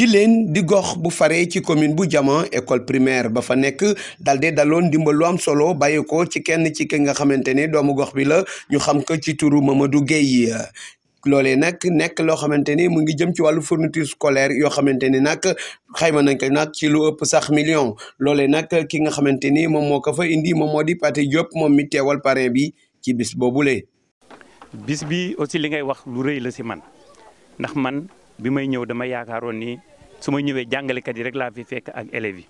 ci leen di gox bu faré ci commune bu Diama école primaire ba fa nek daldé dalon am solo bayoko ko ci kenn ci ki nga xamante doomu gox bi la ñu xam ko ci turu Mamadou Guèye lolé nak nek lo xamante mu ngi jëm ci walu fourniture scolaire yo nak xayma nañ ko nak ci lu ëpp sax million lolé nak ki nga xamante mom moko fa indi mom modi di Pathé Diop moom mi téwal parrain bi ci bis boobule. bis bi aussi li ngay wax lu reuy la ci man ndax man bi may ñew dama yaakaaroon ni su ma ñëwee jàngalekat yi rek laa fi fekk ak élèves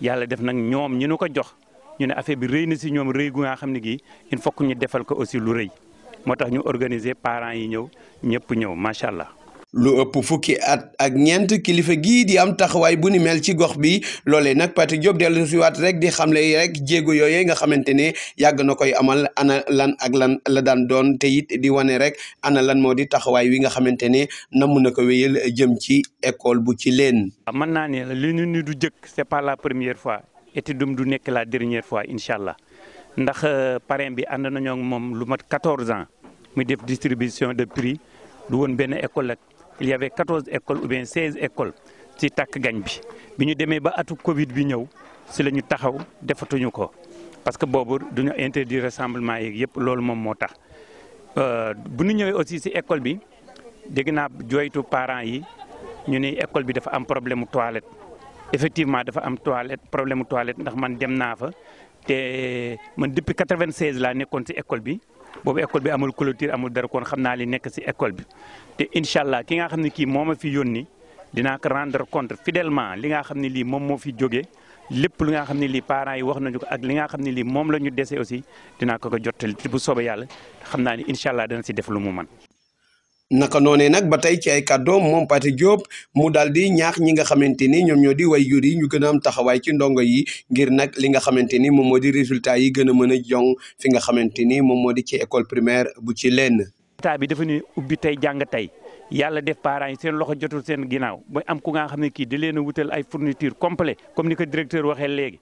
yi yàlla def nag ñoom ñu nu ko jox ñu ne affaire bi rëy na si ñoom rëy gu nga xam ne gii il faut que ñu defal ko aussi lu rëy moo tax ñu organiser parents yi ñëw ñëpp ñëw macha allah. lu ëpp fukki at ak ñent kilifa gi di am taxaway bu ni mel ci gox bi lolé nak Pathé job delu si waat rek di xamlé rek jéego yoyé nga xamante yag na koy amal ana lan ak lan la daan doon té yit di wane rek ana lan modi taxaway wi nga xamante namu namm na ko wéyal jëm ci école bu ci leen. Ah, man naa ne li ñu ni du jëkk c'est pas la première fois et dum du nek la dernière fois inshallah ndax euh, parrain bi and nañu ak mom lu mat 14 ans mi def distribution de prix du won ben école rek il y avait 14 écoles ou bien 16 écoles ci tak gañ bi biñu démé ba atou Covid bi ñëw ci lañu taxaw defatuñu ko parce que boobu duñu interdire rassemblement yi yëpp loolu mom moo tax. Euh, bu ñu aussi ci école bi dégg na jooytu parents yi ñu ne école bi dafa am problème toilette effectivement dafa am toilette problème toilette ndax man dem naa fa man depuis 96 la seize ci école bi. boobu école bi amul clôture amul dara kon xam naa li nekk si école bi te incha allah ki nga xam ne kii moo ma fi yónni dinaa ko rendre contre fidèlement li nga xam ne lii moom moo fi jóge lépp li nga xam ne lii parents yi wax nañu ko ak li nga xam ne li moom la ñu dese aussi dinaa ko ko jottali bu soobee yàlla xam naa ni incha allah dana si def lu mu man naka noonee nag ba tey ci ay kàddoom moom Pathé Diop mu dal di ñaax ñi nga xamante ni ñoom ñoo di way jur yi ñu gën a am taxawaay ci ndongo yi ngir nag li nga xamante ni moom moo di résultat yi gën a mën a jong fi nga xamante ni moom moo di ci école primaire bu ci lenn. état bi dafa ne ubbi tey jàng tey yàlla def parents yi seen loxo jotul seen ginnaaw ba am ku nga xam ne kii di leen a ay fourniture complet comme ni ko directeur waxee léegi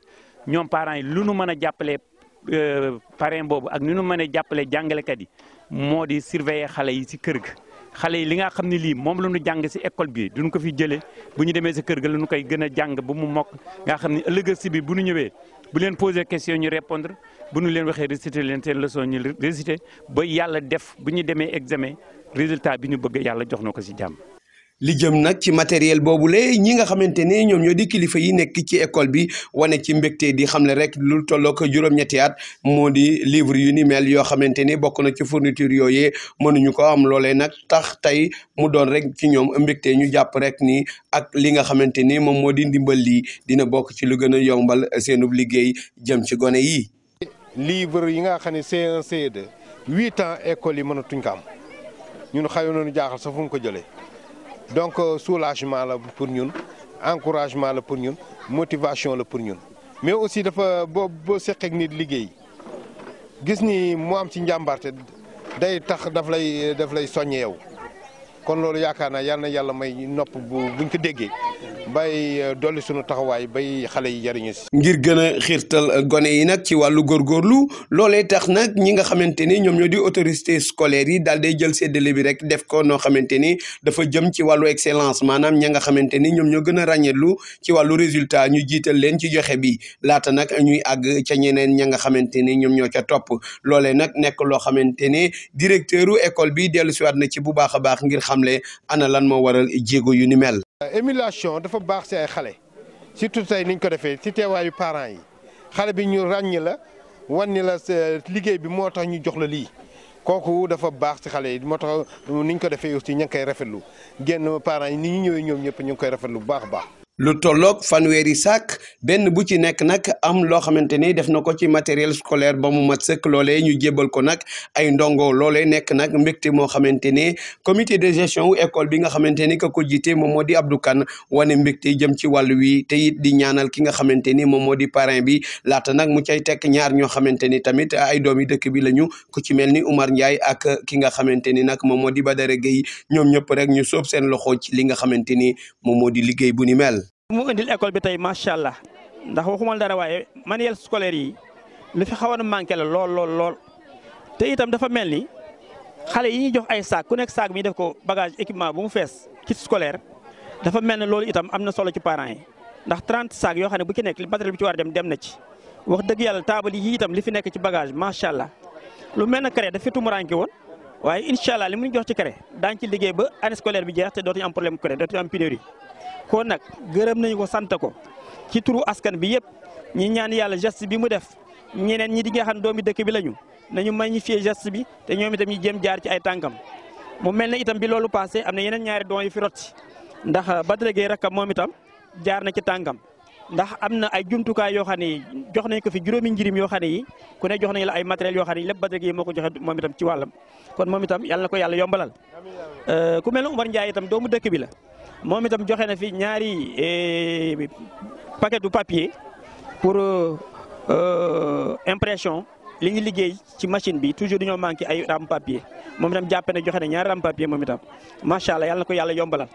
ñoom parents yi lu nu mën a jàppalee euh, parrain boobu ak nu nu mën a jàppalee jàngalekat yi moo di surveiller xale yi si kër gi xale yi li nga xam ne lii moom la ñu jàng si école bi duñ ko fi jële bu ñu demee sa kër ga la ñu koy gën a jàng ba mu mokk nga xam ne ëllëg si bi bu nu ñëwee bu leen posé question ñu répondre bu ñu leen waxee récité leen seen leçon ñu récité ba yàlla def bu ñu demee examen résultat bi ñu bëgg yàlla jox na ko si jàmm. li jëm nak ci matériel bobu lé ñi nga xamante ne ñoom ñoo di kilifa yi nekk ci école bi wane ci mbékté di xamlé rek lu tollok juroom ñetti at modi livre yu ni mel yo xamante ne bokk na ci fourniture yooyee mënuñu ko am lolé nak tax tay mu doon rek ci ñom mbékté ñu japp rek ni ak li nga ndimbal li dina bok ci lu gëna yombal seenub liggéey jëm ci goné yi. livre yi nga xamné C1 C2 8 ans école yi tuñ ko am ñun jaaxal sa fu ko jëlé donc euh, soulagement la pour ñun encouragement la pour ñun motivation la pour ñun mais aussi dafa boo boo seqeek nit liggéey gis ni mu am ci njàmbarte day tax daf lay daf lay soññeewu kon loolu yaakaar naa yal na yàlla may nopp bu buñ ko déggee bay euh, dolli sunu taxawaay bay xale yi jariñu ngir gën a xiirtal gone yi nag ci wàllu góorgóorlu loole tax nag ñi nga xamante ni ñoom ñoo di autorité scolaire yi daal day jël séddale bi rek def ko noo xamante ni dafa jëm ci wàllu excellence maanaam ña nga xamante ni ñoom ñoo gën a ràññeetlu ci wàllu résultat ñu jiital leen ci joxe bi laata nag ñuy àgg ca ñeneen ña nga xamante ni ñoom ñoo ca topp loolee nag nekk loo xamante ni directeur u école bi dellu siwaat na ci bu baax a baax ngir xamle ana lan moo waral jéego yu ni mel. Euh, émulation dafa baax si ay xale surtout tey niñ ko defee si teewaayu parent yi xale bi ñu ràññ la wan ni la liggéey bi moo tax ñu jox la lii kooku dafa baax si xale yi moo tax niñ ko defee aussi ña ngi koy rafetlu génn parent yi ni ñu ñëwee ñoom ñëpp ñu ngi koy rafetlu bu baax a baax. lu tolloog fanweeri saak benn bu ci nekk nag am loo xamante ni def na ko ci matériel scolaire ba mu mat sëkk loolee ñu jébbal ko nag ay ndongo loole nekk nag mbégte moo xamante ni comité de gestion wu école bi nga xamante ni ka ko jiite moom moo di abdu Kane wane mbégte jëm ci wàll wi te it di ñaanal ki nga xamante ni moom moo di parrain bi laata nag mu cay tekk ñaar ñoo xamante ni tamit ay doomi dëkk bi lañu ku ci mel ni Oumar Ndiaye ak ki nga xamante ni nag moom moo di Badara Gueye ñoom ñëpp rek ñu soob seen loxo ci li nga xamante ni moom moo di liggéey bu ni mel. mu indil école bi tey macha allah ndax waxuma dara waaye manuel scolaire yi lu fi xawoon manqué la lool lool lool te itam dafa mel ni xale yi ñuy jox ay saak ku nekk saak bi ñu def ko bagage équipement bu mu fees kit scolaire dafa mel ne loolu itam am na solo ci parents yi ndax 30 saak yoo xam ne bu ci nekk li matériel bi ci war a dem dem na ci wax dëgg yàlla taabal yi itam li fi nekk ci bagage macha allah lu mel ne CREC daf fi tumuraanke woon waaye incha allah li mu jox ci craie daañu ci liggéey ba année scolaire bi jeex te dootuñu am problème craie dootuñu kon nag gërëm nañu ko sant ko ci turu askan bi yëpp ñi ñaan yàlla geste bi mu def ñeneen ñi di nga xam doomi dëkk bi lañu nañu magnifier geste bi te ñoom itam ñi jéem jaar ci ay tànkam. mu mel ne itam bi loolu passé am na yeneen ñaari doom yu fi rot ndax Badara Gueye rakkam moom itam jaar na ci tànkam. ndax am na ay jumtukaay yoo xam ne jox nañ ko fi juróomi njirim yoo xam ne yi ku ne jox nañ la ay matériels yoo xam ne lépp Badara Gueye moo ko joxe moom itam ci wàllam kon moom itam yàlla na ko yàlla yombalal lu euh, mel ne Umar Ndiaye itam doomu dëkk bi la moom itam joxe na fi ñaari euh, paquet du papier pour euh, impression li ñu liggéey ci machine bi toujours dañoo manqué ay ram papier moom jàppe ne joxe na ñaari ram papier moom itam macha allah yàlla ko yàlla yombalal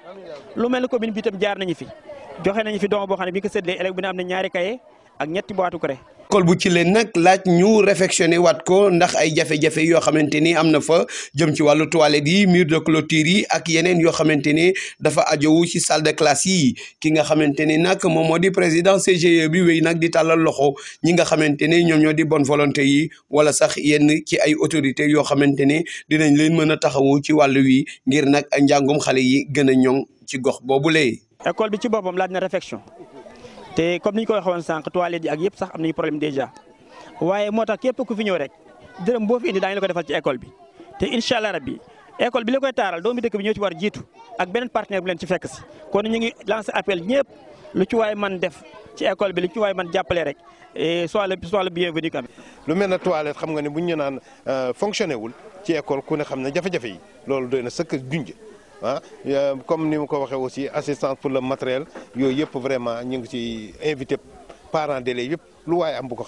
lu mel ne commune bi itam jaar nañu fi. joxe nañu fi don boo xam ne bi ñu ko séddalee élève bu ne am na ñaari kaye ak ñetti boîte craie. école bu ci leen nag laaj ñu réfectionné waat ko ndax ay jafe yoo xamante ni am na fa jëm ci wàllu toilette yi mur de clôture yi ak yeneen yoo xamante ni dafa ajowu ci salle de classe yi ki nga xamante ni nag moom moo di président CGE bi wéy nag di tàllal loxo ñi nga xamante ni ñoom ñoo di bonne volonté yi wala sax yenn ci ay autorités yoo xamante ni dinañ leen mën a taxawu ci wàllu wi ngir nag njàngum xale yi gën a ñoŋ ci gox boobu lee école bi ci boppam laaj na réflexion te comme ni ñu ko waxoon sànq toilettes yi ak yëpp sax am nañu problème déjà waaye moo tax képp ku fi ñëw rek dërëm boo fi indi daañu la ko defal ci école bi te incha allah rabbi bi la koy taaral doomu dëkk bi ñoo ci war jiitu ak beneen partenaire bu leen ci fekk si ñu ngi lancé appel ñëpp lu ci waay man def ci école bi lu ci waay man jàppale rek soit le soit le bienvenu quand même lu mel ne toilette xam nga ne bu ñu naan euh, fonctionné wul ci école ku ne xam ne jafe-jafe yi loolu doy na sëkk junj Ah, euh, comme nous avons ko aussi assistance pour le matériel nous avons vraiment ñu ngi ci invité parents d'élèves yëpp lu waaye am bu ko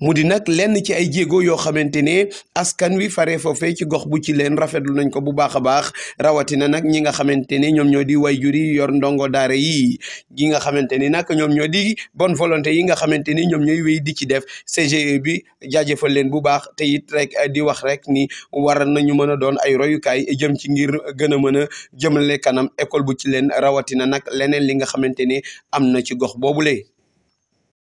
mu di nag lenn ci ay jéego yoo xamante ne askan wi faree foofee ci gox bu ci leen rafetlu nañ ko bu baax a baax rawatina nag ñi nga xamante ne ñoom ñoo di wayjur yi yor ndongo daara yi yi nga xamante ni nag ñoom ñoo di bonne volonté yi nga xamante ni ñoom ñooy wéy di ci def CGE bi jaajëfal leen bu baax te rek eh, di wax rek ni war nañu mën a doon ay royukaay jëm ci ngir gën a mën a jëmale kanam école bu ci leen rawatina nag leneen li nga xamante ni am na ci gox boobule.